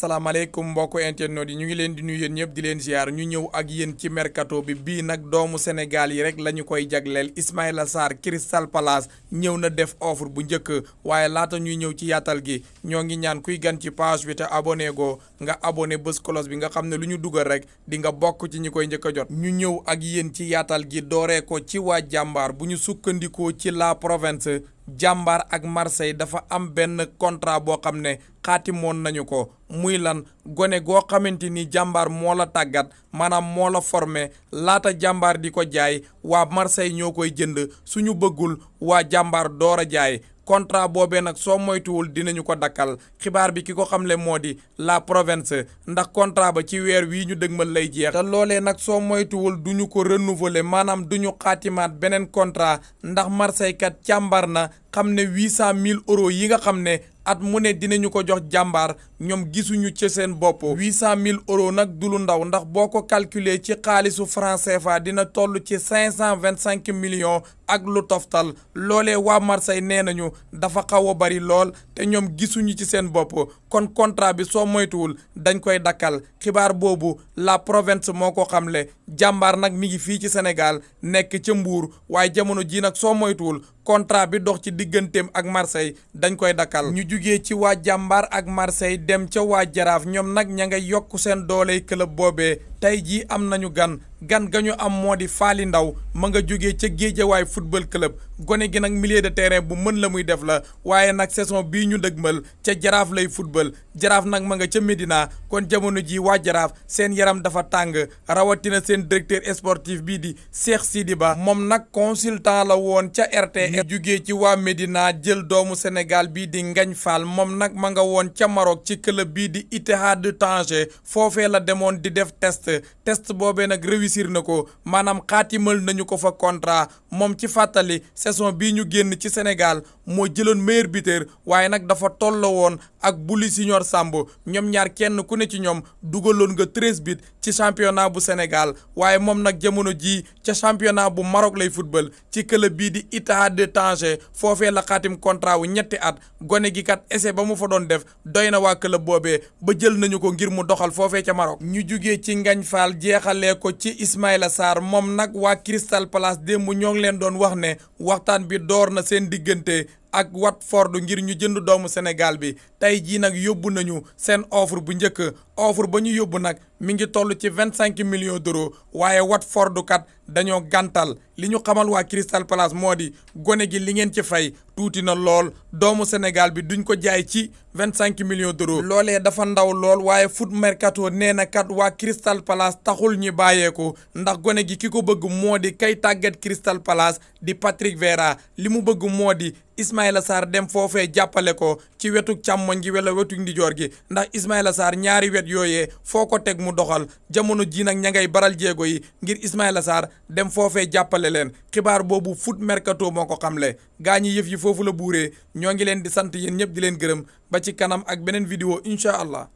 salaamaaleykum mbokk internautes yi ñu ngi leen di nuyu yéen ñëpp di leen ziar ñu ñëw ak yéen ci mercato bi bii nag doomu Sénégal yi rek la ñu koy jagleel Ismaïla Sarr Crystal Palace ñëw na def offre bu njëkk waaye laata ñuy ñëw ci yaatal gi ñoo ngi ñaan kuy gan ci page bi te abonné go nga abone bés cloche bi nga xam ne lu ñu dugal rek di nga bokk ci ñi koy njëkk a jot. ñu ñëw ak yéen ci yaatal gi dooree ko ci waa jàmbaar bu ñu sukkandikoo ci la province. jàmbaar ak Marseille dafa am benn contrat boo xam ne xaatimoon nañu ko muy lan gone goo xamante ni jàmbaar moo la tàggat maanaam moo la formé laata jàmbaar di ko jaay waa Marseille ñoo koy jënd suñu bëggul waa jàmbaar door a jaay contrat boobee nag soo moytuwul dinañu ko dakkal xibaar bi ki ko xamle moo di la province ndax contrat ba ci weer wii ñu dëgmal lay jeex te loolee nag soo moytuwul duñu ko renouveler maanaam duñu ñu xaatimaat beneen contrat ndax Marseille kat càmbar na xam ne cent mille euros yi nga xam ne at mu ne dinañu ko jox jàmbaar ñoom gisuñu ci seen bopp mille euro nag du lu ndaw ndax boo ko calculer ci xaalisu franc CFA dina toll ci 525 millions ak lu toftal loolee waa Marseille nee nañu dafa xaw a bari lool te ñoom gisuñu ci seen bopp kon contrat bi soo moytuwul dañ koy dakkal xibaar boobu la Provence moo ko xamle jàmbaar nag mi ngi fii ci Sénégal nekk ca Mbour waaye jamono ji nag soo moytuwul contrat bi dox ci digganteem ak Marseille dañ koy dakkal ñu jóge ci waa jàmbaar ak Marseille dem ca waa jaraaf ñoom nag ña ngay yokk seen dooley club boobee tey jii am nañu gan gan ga ñu am moo di faali ndaw ma nga jógee ca géejawaay football club gone gi nag millier de terrain bu mën la muy def la waaye nag saison bii ñu dëgmal ca jaraaf lay football jaraaf nag ma nga ca Médina kon jamono ji waa jaraaf seen yaram dafa tàng rawatina seen directeur sportif bii di Cheikh Sidi Ba moom nag consultant la woon ca RTS jógee ci waa Médina jël doomu Sénégal bii di Ngagne Fall moom nag ma nga woon ca Maroc ci club bii di Ittihad de Tanger foofee la demoon di def test test test boobee nag réussir na ko maanaam xaatimal nañu ko fa kontra moom ci fàttali saison bii ñu génn ci Sénégal moo jëloon meilleur buteur waaye nag dafa tolloo woon ak Bouli Signor Samb ñoom ñaar kenn ku ne ci ñoom dugaloon nga treize buts ci championnat bu Sénégal waaye moom nag jamono ji ca championnat bu Maroc lay football ci club bii di Ittihad de Tanger foofee la xaatim contrat wu ñetti at gone gi kat essai ba mu fa doon def doy na waa club boobe ba jël nañu Diagne Fall jeexalee ko ci Ismaïla saar moom nag waa Crystal Palace démb ñoo ngi leen doon wax ne waxtaan bi door na seen diggante ak wat Watford ngir ñu jënd doomu Sénégal bi tey jii nag yóbbu nañu seen offre bu njëkk offre ba ñu yóbbu nag mi ngi toll ci vingt cinq millions d'euros waaye Watford kat dañoo gantal li ñu xamal waa Crystal Palace moo di gone gi li ngeen ci fay tuuti na lool doomu Sénégal bi duñ ko jaay ci vingt cinq millions d'euros loolee dafa ndaw lool waaye foot mercato nee na kat waa Crystal Palace taxul ñi bàyyeeku ndax gone gi ki ko bëgg moo di kay tàggat Crystal Palace di Patrick Vieira li mu bëgg moo di Ismaïla saar dem foofee jàppale ko ci wetu càmmooñ gi wala wetu ndijoor gi ndax Ismaïla saar ñaari wet yooye foo ko teg mu doxal jamono ji nag ña ngay baral jéego yi ngir Ismaïla saar dem foofe jàppale leen xibaar boobu fut mercato moo ko xamle gaa ñi yëf yi foofu la buuree ñoo ngi leen di sant yéen ñëpp di leen gërëm ba ci kanam ak beneen vidéo incha allah